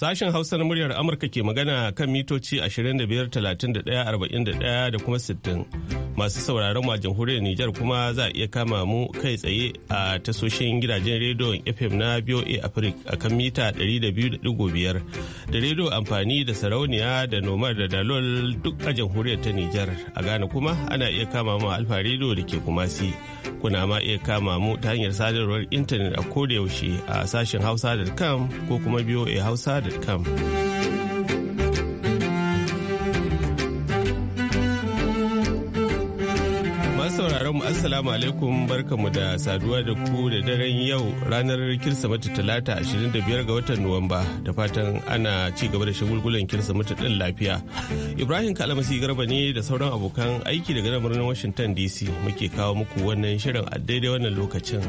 Sashen Hausa na muryar Amurka ke magana kan mitoci 25,31,41 da kuma 60. Masu sauraron mu a jamhuriyar Nijar kuma za a iya kama mu kai tsaye a tasoshin gidajen rediyon FM na BOA Africa a kan mita 200.5 da rediyo amfani da sarauniya da nomar da dalol duk a jamhuriyar ta Nijar. A Ghana kuma ana iya kama mu alfa rediyo da ke kumasi. Kuna ma iya kama mu ta hanyar sadarwar intanet a yaushe a sashen hausa.com ko kuma BOA Hausa Come. Assalamu alaikum barkamu da saduwa da ku da daren yau ranar Kirsimeti Talata 25 ga watan Nuwamba da fatan ana ci gaba da shagulgulan Kirsimeti din lafiya. Ibrahim Kalamasi Garba ne da sauran abokan aiki daga nan birnin Washington DC muke kawo muku wannan shirin a daidai wannan lokacin.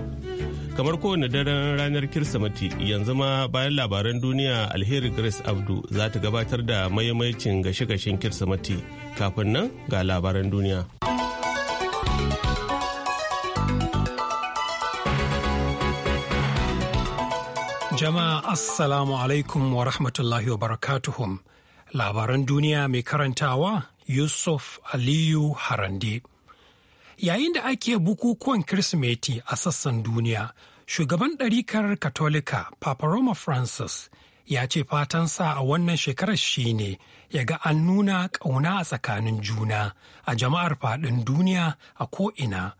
Kamar kowane daren ranar Kirsimeti yanzu ma bayan labaran duniya Alheri Grace Abdu za ta gabatar da mahimmancin gashe-gashen Kirsimeti kafin nan ga labaran duniya. Jama'a Assalamu alaikum wa rahmatullahi wa barakatuhum. Labaran duniya mai karantawa Yusuf Aliyu Harande. Yayin da ake bukukuwan Kirsimeti a sassan duniya, shugaban ɗarikar Katolika Papa Roma Francis ya ce fatan sa a wannan shekarar shi ne, ya ga an nuna ƙauna a tsakanin juna a jama'ar faɗin duniya a ko'ina.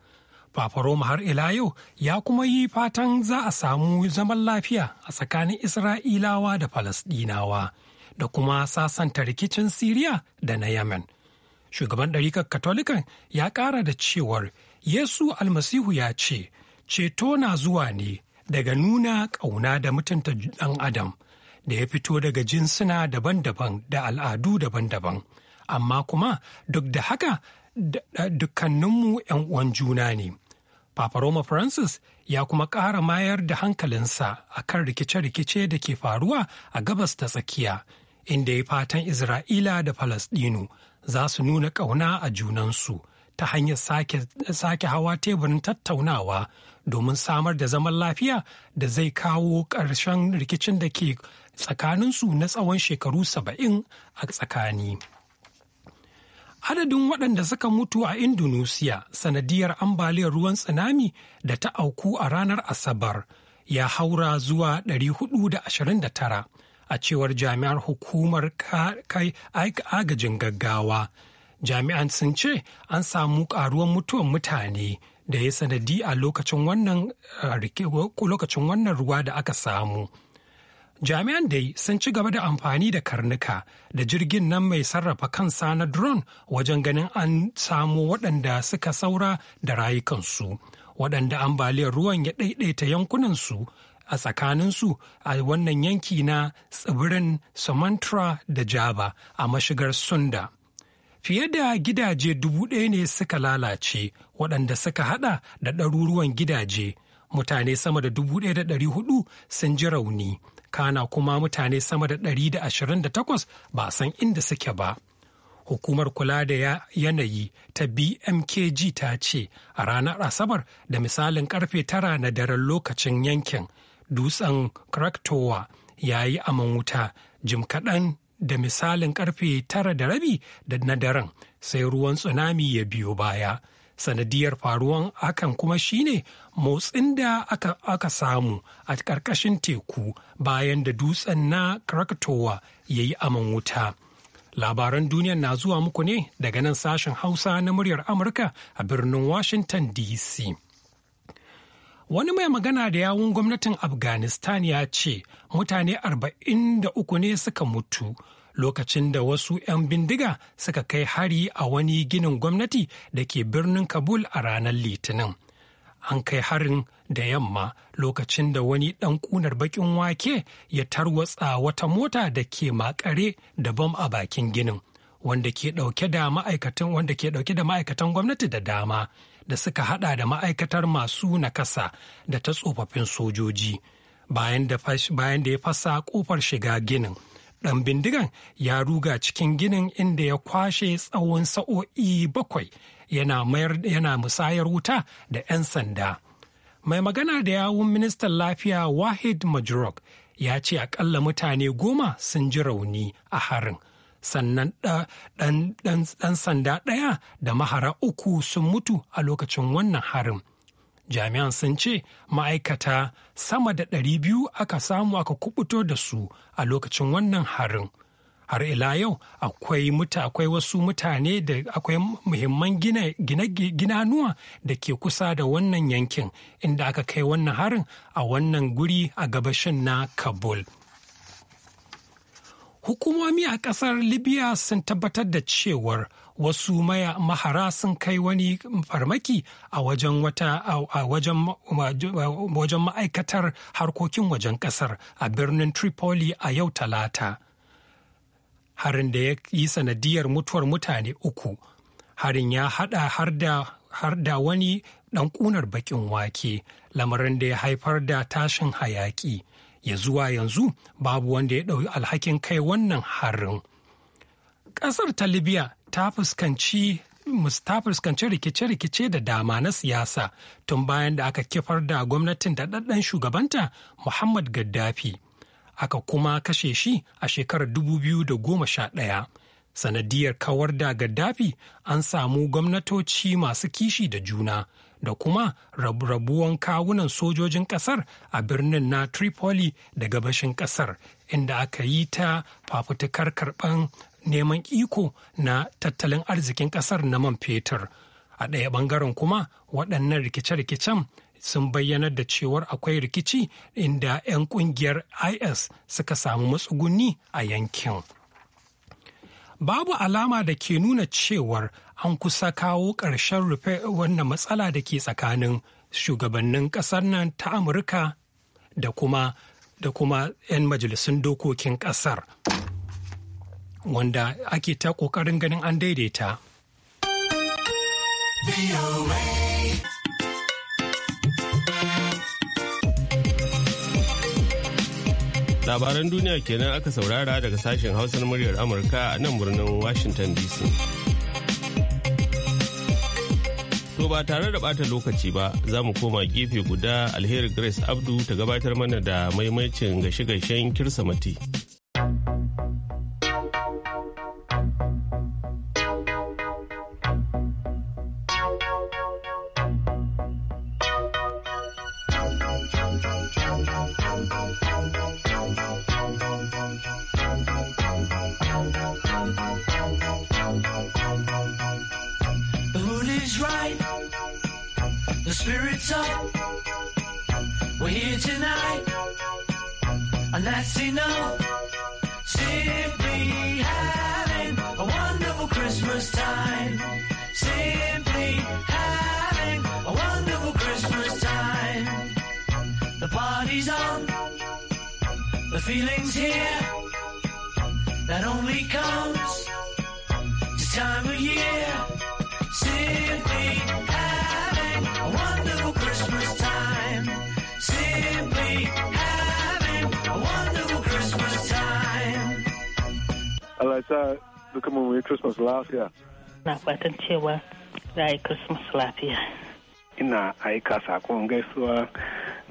Fafaroma har ila yau ya kuma yi fatan za a samu zaman lafiya a tsakanin Isra'ilawa da Falasɗinawa da kuma sasanta rikicin Siriya da na Yemen. Shugaban ɗarikar Katolikan ya ƙara da cewar Yesu almasihu ya ce, Ceto na zuwa ne daga nuna ƙauna da mutunta ɗan Adam da ya fito daga jinsuna daban-daban da al'adu daban-daban. Amma kuma duk da haka dukkaninmu 'yan uwan juna ne. Papa Roma Francis ya kuma ƙara mayar da hankalinsa a kan rikice-rikice da ke faruwa a gabas ta tsakiya, inda ya fatan Isra'ila da Falasɗinu za su nuna ƙauna a junansu ta hanyar sake hawa teburin tattaunawa domin samar da zaman lafiya da zai kawo ƙarshen rikicin da ke tsakaninsu na tsawon shekaru saba'in a tsakani. Adadin waɗanda suka mutu a Indonesia sanadiyar ambaliyar ruwan tsunami da ta auku a ranar Asabar ya haura zuwa 429 a cewar jami'ar hukumar kai aika agajin gaggawa. Jami'an sun ce an samu ƙaruwan mutuwan mutane da ya sanadi a lokacin wannan ruwa da aka samu. Jami'an dai sun ci gaba da amfani da karnuka da jirgin nan mai sarrafa kansa na drone wajen ganin an samu waɗanda suka saura da rayukansu, waɗanda ambaliyar ruwan ya ɗaiɗaita yankunansu a tsakaninsu a wannan yanki na tsibirin Sumatra da Java a mashigar Sunda. Fiye da gidaje dubu ɗaya ne suka lalace waɗanda suka haɗa da ɗaruruwan gidaje, mutane sama da dubu ɗaya da ɗari hudu sun ji rauni. kana kuma mutane sama da 128 ba san inda suke ba. Hukumar kula da yanayi ta BMKG ta ce a ranar Asabar da misalin karfe tara na daren lokacin yankin dutsen Kraktowa ya yi aman wuta jim kaɗan da misalin karfe tara da rabi na daren sai ruwan tsunami ya biyo baya. sanadiyar faruwan hakan kuma shine motsin da aka, aka samu a ƙarƙashin teku bayan da dutsen na krakatowa ya yi aman wuta labaran duniya na zuwa muku ne daga nan sashen hausa na muryar amurka a birnin washington dc wani mai magana da yawun gwamnatin afghanistan ya ce mutane 43 ne suka mutu lokacin da wasu 'yan bindiga suka kai hari a wani ginin gwamnati da ke birnin Kabul a ranar Litinin. An kai harin da yamma lokacin da wani ɗan ƙunar baƙin wake ya tarwatsa wata mota da ke makare da bam a bakin ginin. wanda ke ɗauke da ma'aikatan gwamnati da dama da suka hada da ma'aikatar masu nakasa da ta tsofaffin sojoji bayan da ya fasa kofar shiga ginin ɗan bindigan ya ruga cikin ginin inda ya kwashe tsawon sa'o'i bakwai yana, musayar wuta da 'yan sanda. Mai magana da yawun ministan lafiya Wahid Majrok ya ce akalla mutane goma sun ji rauni a harin. Sannan ɗan sanda ɗaya da mahara uku sun mutu a lokacin wannan harin. jami'an sun ce ma'aikata sama da ɗari biyu aka samu aka kubuto da su a lokacin wannan harin har ila yau akwai muta akwai wasu mutane da akwai muhimman ginanuwa da ke kusa da wannan yankin inda aka kai wannan harin a wannan guri a gabashin na kabul hukumomi a kasar libya sun tabbatar da cewar wasu mahara sun kai wani farmaki a wajen wata a wajen ma'aikatar harkokin wajen kasar a birnin tripoli a yau talata harin da ya yi sanadiyar mutuwar mutane uku harin ya hada har da wani ɗan ƙunar baƙin wake lamarin da ya haifar da tashin hayaƙi ya zuwa yanzu babu wanda ya ɗauki alhakin kai wannan harin ƙasar ta libya ta fuskanci ta fuskanci rikice-rikice da dama na siyasa tun bayan da aka kifar da gwamnatin da shugabanta Muhammad Gaddafi. Aka kuma kashe shi a shekarar 2011. Sanadiyar kawar da Gaddafi an samu gwamnatoci masu kishi da juna da kuma rabuwan kawunan sojojin ƙasar a birnin na Tripoli da gabashin ƙasar inda aka yi ta fafutukar karɓan neman iko na tattalin arzikin ƙasar na man fetur. A ɗaya ɓangaren kuma waɗannan rikice-rikicen sun bayyanar da cewar akwai rikici inda 'yan ƙungiyar IS suka samu matsuguni a yankin. Babu alama da ke nuna cewar an kusa kawo ƙarshen rufe wannan matsala da ke tsakanin shugabannin ƙasar nan ta Amurka da da kuma 'yan majalisun dokokin ƙasar. wanda ake ta ƙoƙarin ganin an daidaita. Labaran duniya kenan aka saurara daga sashen hausar muryar Amurka a nan birnin Washington DC. To ba tare da bata lokaci ba za mu koma gefe guda alheri Grace Abdu ta gabatar mana da maimaicin gashe-gashen mati. sa duka mu yi Christmas lafiya. Na fatan cewa za a yi Christmas lafiya. Ina aika sakon gaisuwa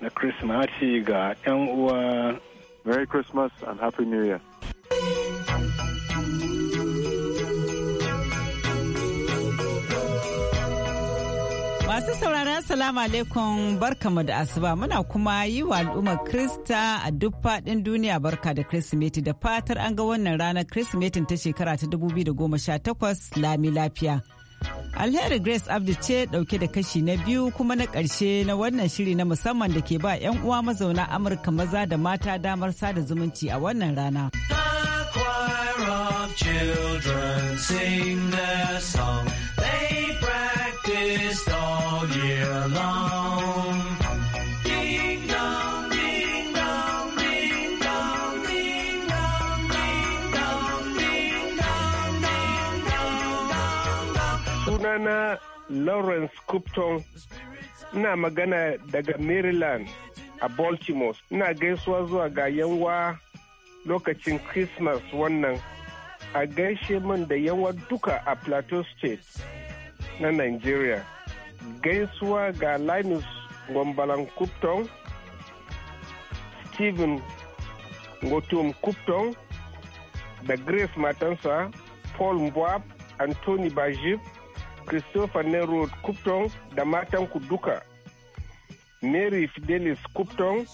na Christmas ga 'yan uwa. Merry Christmas and Happy New Year. Masu saurara salamu alaikum barkamu da asuba muna kuma yi wa al'ummar Krista a duk faɗin duniya barka da Kirsimeti da fatar an ga wannan ranar Kirsimetin ta shekara ta 2018 lami lafiya. Alheri Grace Abdi ce dauke da kashi na biyu kuma na ƙarshe na wannan shiri na musamman da ke ba 'yan uwa mazauna Amurka maza da mata damar sada zumunci a wannan rana. children sing their song. alone. Sunana Lawrence Cupton, ina magana daga Maryland a Baltimore. Ina gaisuwa zuwa ga yanwa lokacin Christmas wannan a gaishe min da yawa duka a Plateau State na Nigeria. gaisuwa ga linus gwambalan kupton steven ngotum kupton da grace matansa paul mbwap anthony bajib christopher nero kupton da matanku duka mary fidelis kupton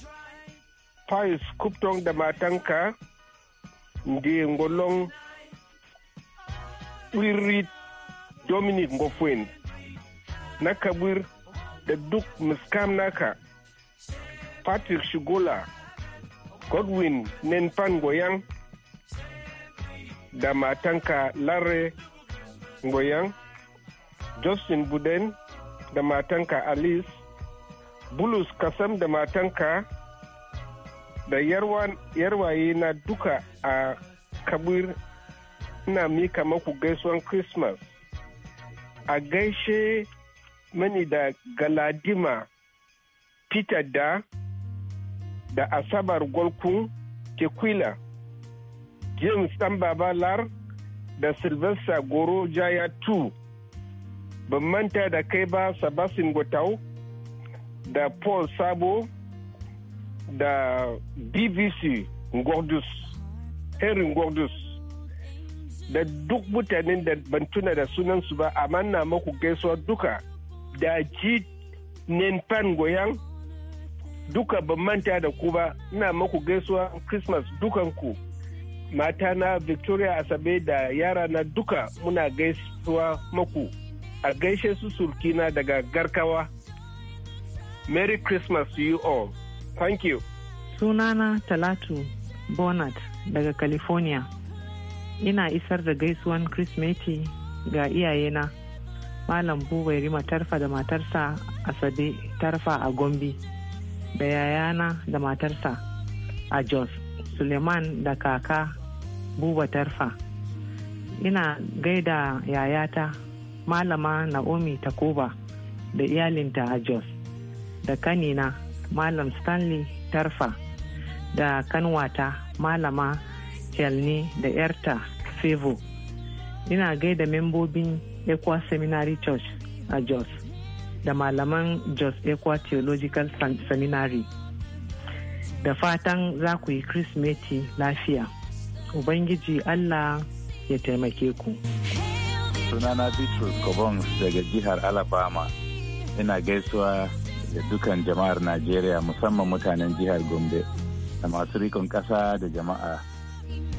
pius kupton da matanka ndi ngolong ɓirrit dominic ngofuen na kabir da duk muskam naka patrick shigola godwin nenfan goyan da matanka larry goyan justin buden da matanka alice bulus kasam da matanka da yarwaye na duka a kabir ina mika maku gaisuwan christmas a gaishe mani da galadima peter da da asabar golkun tequila james dan babalar da sylvester goro jaya 2 ban manta da kai ba sabasin gotau da paul sabo da bbc gordus henry gordus da duk mutanen da ban tuna da sunansu ba amma na maku gaisuwa duka da ji ninfan goyan duka ban manta da ku ba ina maku gaisuwa christmas dukanku mata na victoria asabe da yara na duka muna gaisuwa maku a gaishe su surkina daga garkawa merry christmas to you all thank you sunana talatu bonat daga california ina isar da gaisuwan Kirsimeti ga iyayena malam buba rima tarfa da matarsa asabe tarfa a gombe da yayana da matarsa a jos suleiman da kaka buba tarfa ina gaida yayata malama naomi takoba da iyalinta a jos da kanina malam stanley tarfa da kanwata malama kyalni da yarta fevo ina gaida membobin Equa Seminary Church a Jos da malaman Jos Equa Theological Seminary. Da fatan za ku yi Kirsimeti lafiya. Ubangiji Allah ya taimake ku. Sunana Bitrus Kobon daga jihar Alabama. Ina gaisuwa da dukan jama'ar Najeriya musamman mutanen jihar Gombe da masu rikon ƙasa da jama'a.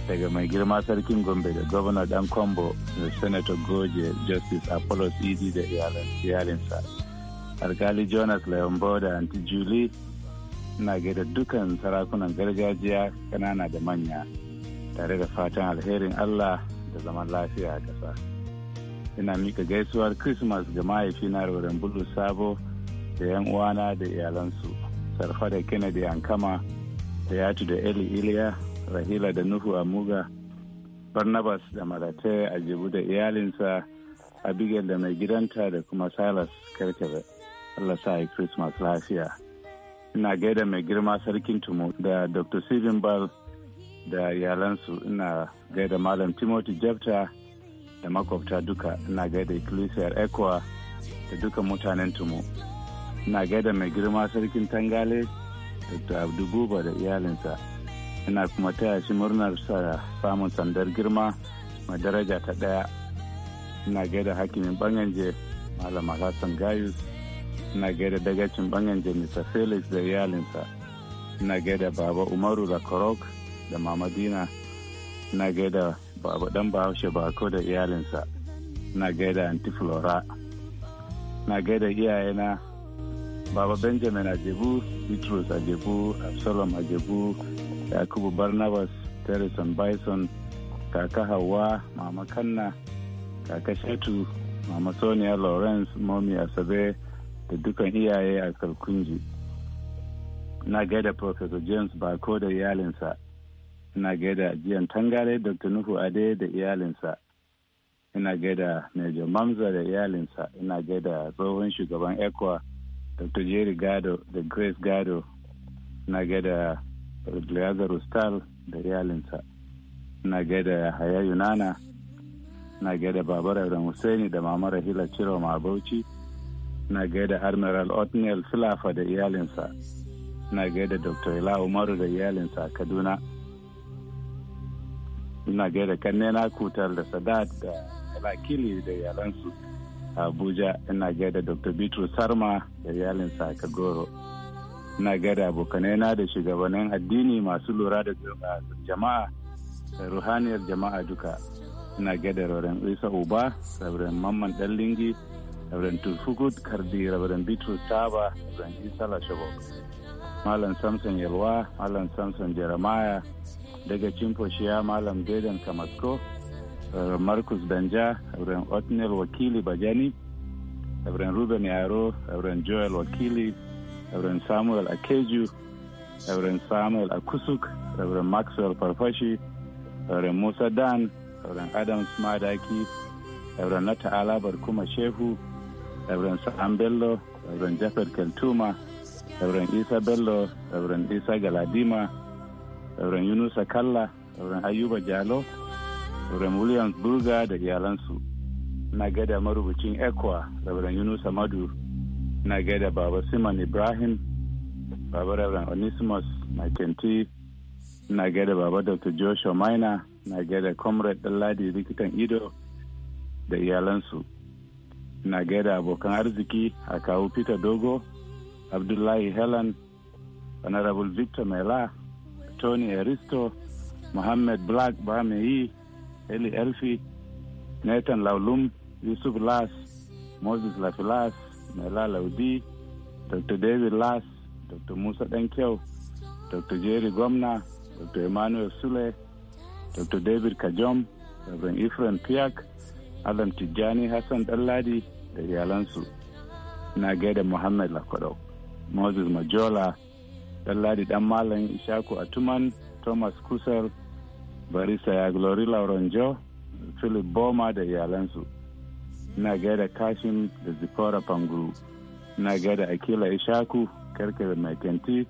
daga mai girma sarkin gombe da gwamna dan kwambo da senator goje justice apollos idi da iyalinsa alkali jonas layon da anti julie na gaida dukan sarakunan gargajiya kanana da manya tare da fatan alherin allah da zaman lafiya a ƙasa ina mika gaisuwar christmas ga mahaifina roren bulu sabo da yan uwana da iyalansu sarfa da kennedy ankama da yatu da eli iliya rahila da nuhu a muga barnabas da marate a jibu da iyalinsa abigail da mai gidanta da kuma silas kerkebe allah sa yi christmas lafiya ina gaida mai girma sarkin tumu da dr steven ball da iyalansu ina gaida malam timothy jefta da makwabta duka ina gaida ecclesiar ecuador da duka mutanen tumu ina gaida mai girma sarkin tangale dr abdu da iyalinsa ina kuma taya shi murnar sa samun sandar girma mai daraja ta ɗaya ina gaida hakimin banganje malama hassan gayus ina gaida dagacin banganje mr felix da iyalinsa ina gaida baba umaru da korok da mamadina ina gaida baba dan bahaushe bako da iyalinsa ina gaida anti flora ina gaida iyayena baba benjamin ajebu bitrus ajebu absalom ajebu yakubu barnabas terison bison kaka hawa mama kanna kaka shatu mama sonia lawrence momi asabe da dukan iyaye a kalkunji na gaida professor james bako da iyalinsa ina gaida jiyan tangare dr nuhu ade da iyalinsa ina gaida major mamza da iyalinsa ina gaida tsohon shugaban ekwa dr jerry gado da grace gado ina gaida Glazer Ustal da iyalinsa. Na gaida Yahaya Yunana, na gaida Babar da Hussaini da Mama Rahila Ciro Mabauchi, na gaida Admiral Othniel Filafa da iyalinsa, na gaida Dr. Ila Umaru da iyalinsa a Kaduna. Ina gaida kanne na kutar da Sadat da Alakili da iyalansu a Abuja, ina gaida Dr. Bitrus Sarma da iyalinsa a Kagoro. na gada abokanai na da shugabannin addini masu lura da jama'a da ruhaniyar jama'a duka na gada rauren isa uba rauren mamman dan lingi rauren tufugut kardi rauren bitrus taba rauren isa lashabo malam samson yalwa malam samson jeremiah daga cimfoshiya malam dedan kamasko marcus danja rauren otnel wakili bajani rauren ruben yaro rauren joel wakili Reverend Samuel Akeju, Reverend Samuel Akusuk, Reverend Maxwell Farfashi, Reverend Musa Dan, Reverend adam Madaki, Reverend Nata Alabar Kuma Shehu, Reverend Sam Bello, Reverend Jafar Keltuma, Reverend Isa Bello, Reverend Isa Galadima, Reverend Yunusa Kalla, Reverend Ayuba Jalo, Reverend Williams Burga da iyalansu. Na gada marubucin Ekwa, Reverend Yunusa Madu, na gaida baba siman ibrahim baba reverend onesimus makenti na gaida baba dr joshua maina na gaida comrade ɗanladi likitan ido da iyalansu na gaida abokan arziki a kawo peter dogo abdullahi helen honorable victor mela tony aristo muhammad black bameyi eli elfi nathan laulum yusuf las moses lafilas mai Laudi, Dr. David las Dr. Musa kyau Dr. Jerry gomna Dr. Emmanuel Sule, Dr. David Kajom, Dr. Ephraim Piak, Adam Tijjani Hassan Ɗanladi da iyalansu. Na gaida Muhammad Lakwado, Moses Majola, Ɗanladi dan Malam Ishaku Atuman, Thomas Kusel, Barisa ya Glori Laurenjo, Philip Boma da iyalansu. na gada kashin da zikora panguru na gada akila ishaku karkar makanti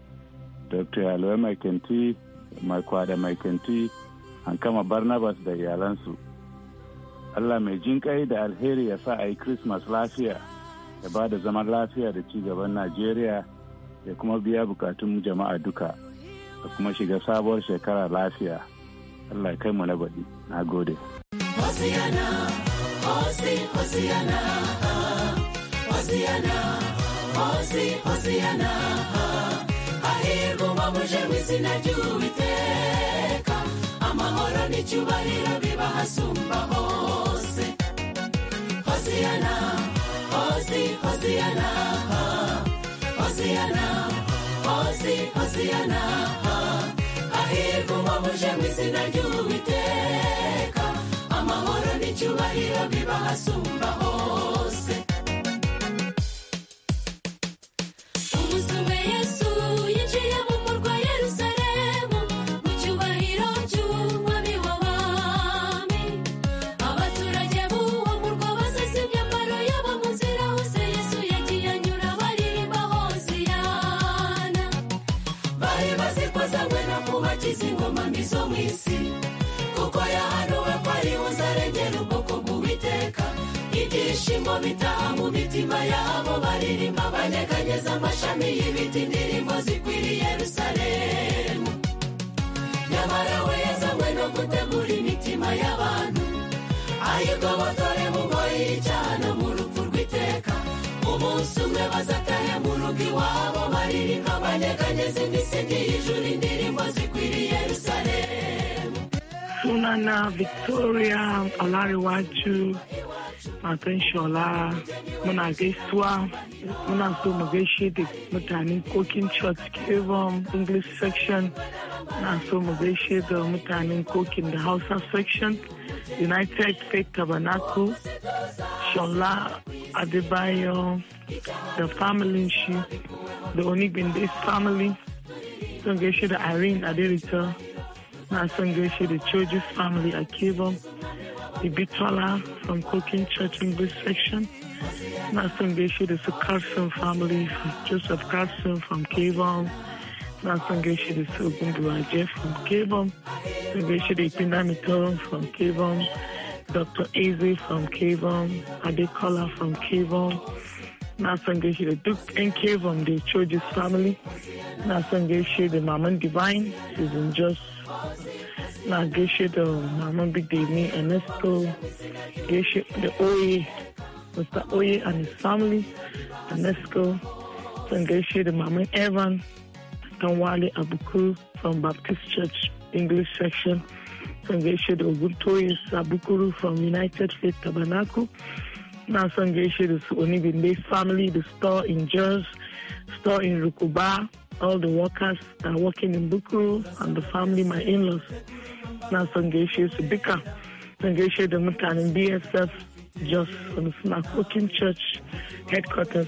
dr yalwa makanti makwada an kama barnabas da iyalansu allah mai jin kai da alheri ya sa a yi christmas lafiya ya ba da zaman lafiya da ci gaban najeriya ya kuma biya bukatun jama'a duka da kuma shiga sabuwar shekara lafiya allah kai mu na baɗi na gode. Osi, Hosiana, Hosiana, Osi, Hosiana, hahirwa muje mw'izina ry'Uwiteka, amahoro n'icyubahiro bibahasumba hose. Hosiana, Osi, Hosiana, Hosiana, Osi, Hosiana, hahirwa muje mw'izina ry'Uwiteka. icyubahiro biba hasumba hose oh, ibishimbo bitaha mu mitima yabo baririmba banyeganyeza amashami y'ibiti indirimbo zikwiriye yerusalemu nyamara we yazanywe no gutegura imitima y'abantu ayigobotore mu mu rupfu rw'iteka umunsi umwe bazatahe mu rugo iwabo baririmba banyeganyeza y'ijuru indirimbo zikwiriye yerusalemu victoria matan shola muna gaisuwa muna so mu gaishe da mutanen kokin church kevin english section muna so mu gaishe da mutanen kokin the hausa section united faith tabernacle shola adebayo da familin shi da onigbin family sun gaishe da irene aderita Nasangeshi, the gaishe family a Kebon, da Bitwala from Cooking Church English section. Nasangeshi, the gaishe Carson family, Joseph Carson from Kebon. Nasangeshi, the gaishe da from Kebon. Nasangeshi, the da from Kebon. Dr. Eze from Kevon, Adekola from Kevon, Nasangeshi the Duke and Kevon, the Choji's family, Nasangeshi the Maman Divine, Susan Just, na gaishe da mama bidemi ernesto gaishe the oye mr oye and his family ernesto zan gaishe the Mama evan dan wale abuku from baptist church english section zan gaishe the oguntoye sabukuru from united faith tabernacle na son gaishe the su onibinde family the store in jersey store in Rukuba, all the workers that are working in Bukuru, and the family, my in laws. Na son gaishe su duka, son gaishe da mutanen BSF Jos suna Cooking Church headquarters.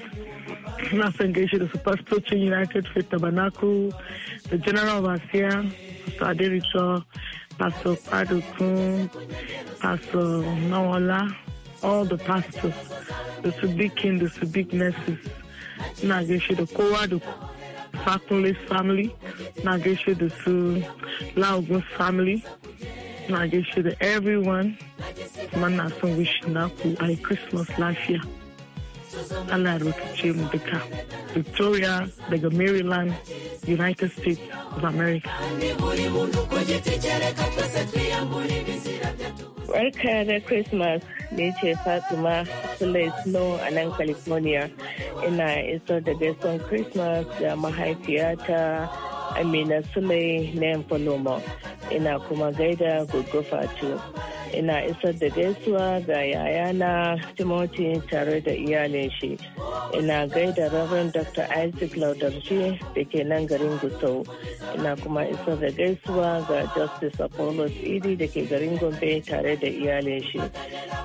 Suna son the da su Pastocin United Faith Tabernacle, the General Vasia, Pastor Adericho, Pastor Padukun, Pastor Nawala, all the pastors, the Subikin, the Subik nurses ina gaishe da kowa da Fatunle family, na da su Laogun family, na da everyone, kuma na son wish naku a Christmas lafiya. Allah rikice mu duka. Victoria daga Maryland, United States of America. Barka da Christmas da ya ce Fatima Sule Snow a nan California. Ina isar da gaison Christmas ga mahaifiyata Amina Sule na Yanfaloma. Ina kuma gaida Gugu Fatu. Ina isar da gaisuwa ga yayana Timothy tare da iyalin shi. ina gaida Reverend Dr. Isaac Laudarje da ke nan garin Gusau. Ina kuma isa da gaisuwa ga Justice Apollos Idi da ke garin Gombe tare da iyalin shi.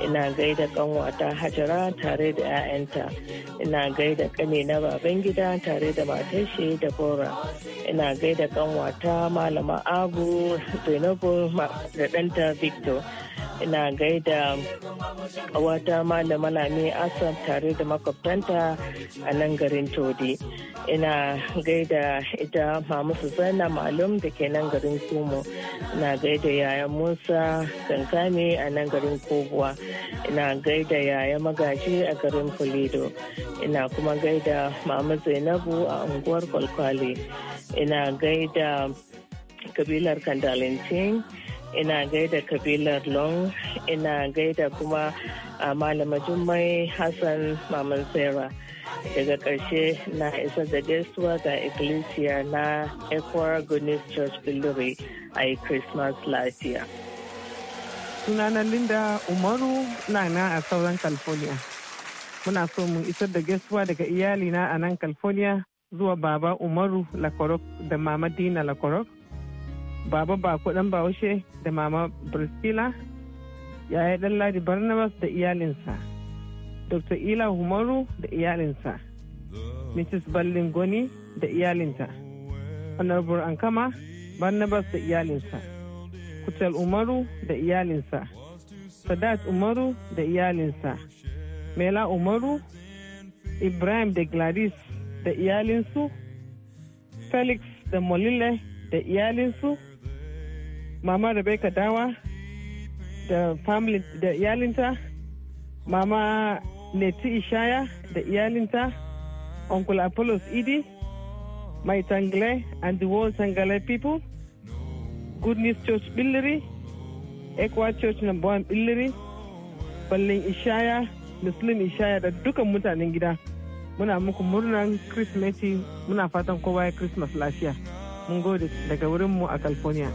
Ina gaida kanwata Hajara tare da 'ya'yanta. Ina gaida kane na baban gida tare da matar shi da Bora. Ina gaida kanwata Malama Abu Zainabu da ɗanta Victor. ina gaida wata malama lami asam tare da makwabtanta a nan garin todi ina gaida ita mamu suzana malum da ke nan garin sumo ina gaida yayan musa kankame a nan garin kobuwa ina gaida yayan magaji a garin kulido ina kuma gaida mamu zainabu a unguwar kwalkwale ina gaida kabilar kandalintin ina gaida kabilar long ina gaida kuma a ah, malama jummai hassan maman sera daga ƙarshe na isa da gaisuwa ga ikkilisiya na ecuador goodness church bilore a yi christmas lafiya sunana linda umaru na nan a sauran california muna so mu isar da gaisuwa daga iyalina a nan california zuwa baba umaru lakorok da mama dina lakorok baba ba kudan bahaushe da mama priscilla yaya dan ladi barnabas da iyalinsa dr ila humaru da iyalinsa mrs ballingoni da iyalinta honorable ankama barnabas da iyalinsa kutal umaru da iyalinsa sadat umaru da iyalinsa mela umaru ibrahim da gladys da iyalinsu felix da molile da iyalinsu mama Rebecca Dawa da family da iyalinta mama neti Ishaya da iyalinta Uncle Apollos Idi my Tangle and the world tangle people Good News Church Billiri Equa Church number one Billiri Ballin Ishaya Muslim Ishaya da dukan mutanen gida muna muku murnan christmas muna fatan kowa ya Christmas lafiya mun gode daga wurinmu a California.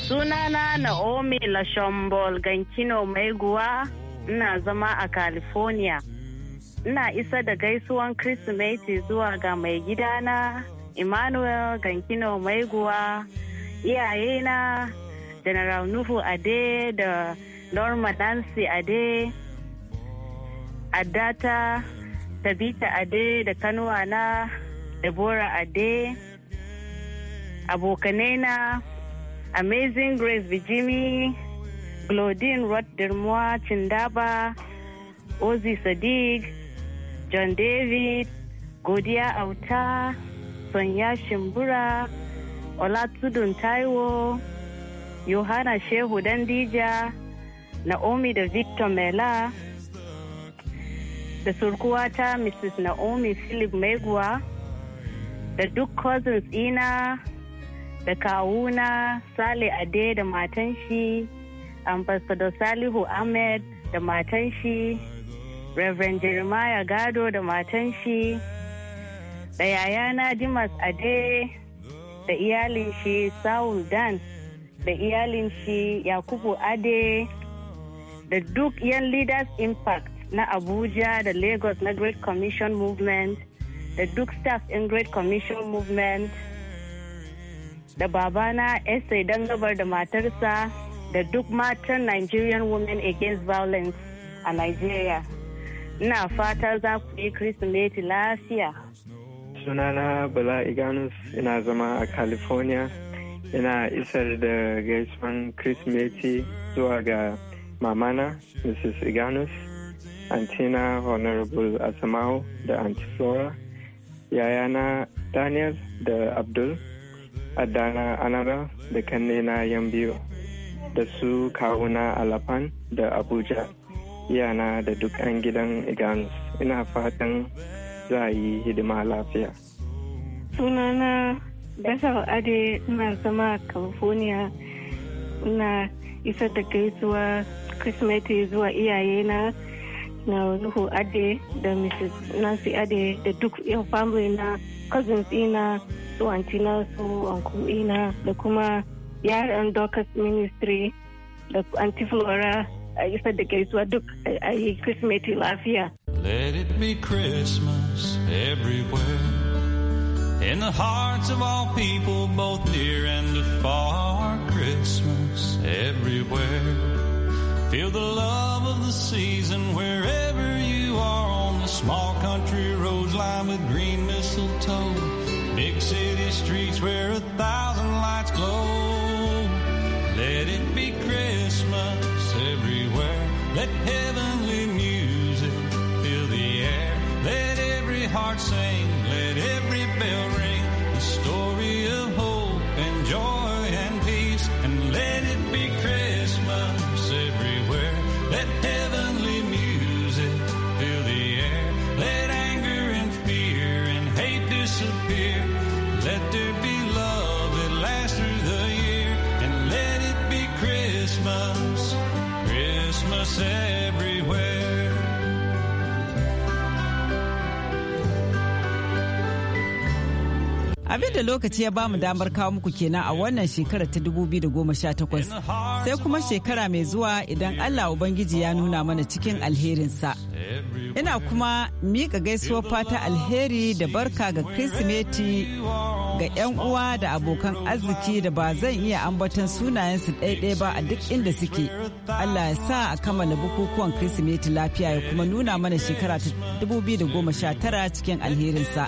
Sunana Naomi lashombol Gankino Maiguwa ina zama a California. Ina isa da gaisuwan Kirsimeti zuwa ga mai gidana Emmanuel Gankino Maiguwa, iyayena General Nuhu Ade da Norma Nancy Ade, Adata, Tabita Ade da Kanuwana, Deborah Ade, abokanena Amazing Grace Vijimi, Glodine Dermo, Chindaba, Ozzy Sadiq, John David, Godia Auta, Sonia Shimbura, Olatsudun Taiwo, Yohana Shehu Dandija, Naomi the Victor Mela, the surkuwata Mrs. Naomi Philip the two cousins ina da kawuna sale ade da matan shi ambassador salihu ahmed da matan shi reverend jeremiah gado da matan shi da yayana dimas ade da iyalin shi saul dan da iyalin shi yakubu ade da duk yan leaders impact na abuja da lagos na great commission movement da duk staff in great commission movement da babana esai Dangabar da matarsa da duk matan Nigerian Women Against Violence a Nigeria. Ina fata za ku yi Kirsimeti lafiya. Sunana Bala Iganus ina zama a California. Ina isar da gaisuwan Kirsimeti zuwa ga mamana Mrs. Iganus, antina Honorable Asamau da Auntie Flora, yayana Daniel da Abdul. a dana anara da kannena yan biyu da su kawuna alafan da abuja yana da duk an gidan iganus ina fatan za a yi hidima lafiya sunana gasar ade ina zama a california ina isa da gaisuwa kirsimeti zuwa iyayena na Nuhu Ade da Mrs. Nancy Ade da duk yan family na cousins ina su antina su uncle ina da kuma yaran Dorcas ministry da anti flora a isa da gaisuwa duk a yi kirsimeti lafiya let it be christmas everywhere in the hearts of all people both near and afar christmas everywhere feel the love of the season wherever you are on the small country roads lined with green mistletoe streets where a thousand lights glow. Let it be Christmas everywhere. Let heavenly music fill the air. Let every heart sing. Let every bell ring. abin da lokaci ya bamu damar kawo muku kenan a wannan shekarar ta 2018 sai kuma shekara mai zuwa idan allah ubangiji ya nuna mana cikin alherinsa ina kuma miƙa gaisuwar fata alheri da barka ga kirsimeti ga 'yan uwa da abokan arziki da ba zan iya ambaton sunayensu ɗaiɗai ba a duk inda suke allah ya sa a kammala bukukuwan kirsimeti lafiya ya kuma nuna mana shekara ta 2019 cikin alherinsa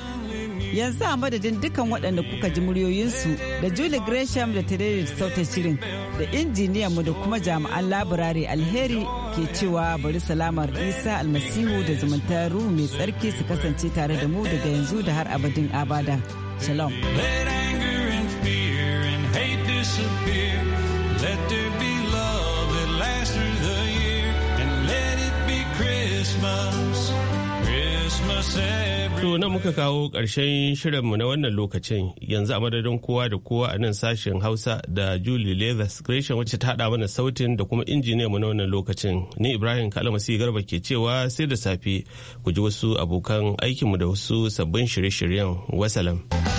yanzu a madadin dukkan waɗanda kuka ji muryoyinsu da julie gresham da terere sauta shirin da mu da kuma jami'an laburare alheri ke cewa bari salamar isa almasihu da zumunta ruhu mai tsarki su kasance tare da mu daga yanzu da har abadin abada shalom To na muka kawo ƙarshen shirinmu na wannan lokacin yanzu a madadin kowa da kowa a nan sashen Hausa da Julie Leathers Gresham wacce ta haɗa mana sautin da kuma mu na wannan lokacin. Ni Ibrahim Kalamasi Garba ke cewa sai da safe ku ji wasu abokan aikinmu da wasu sabbin shirye-shiryen. Wasalam.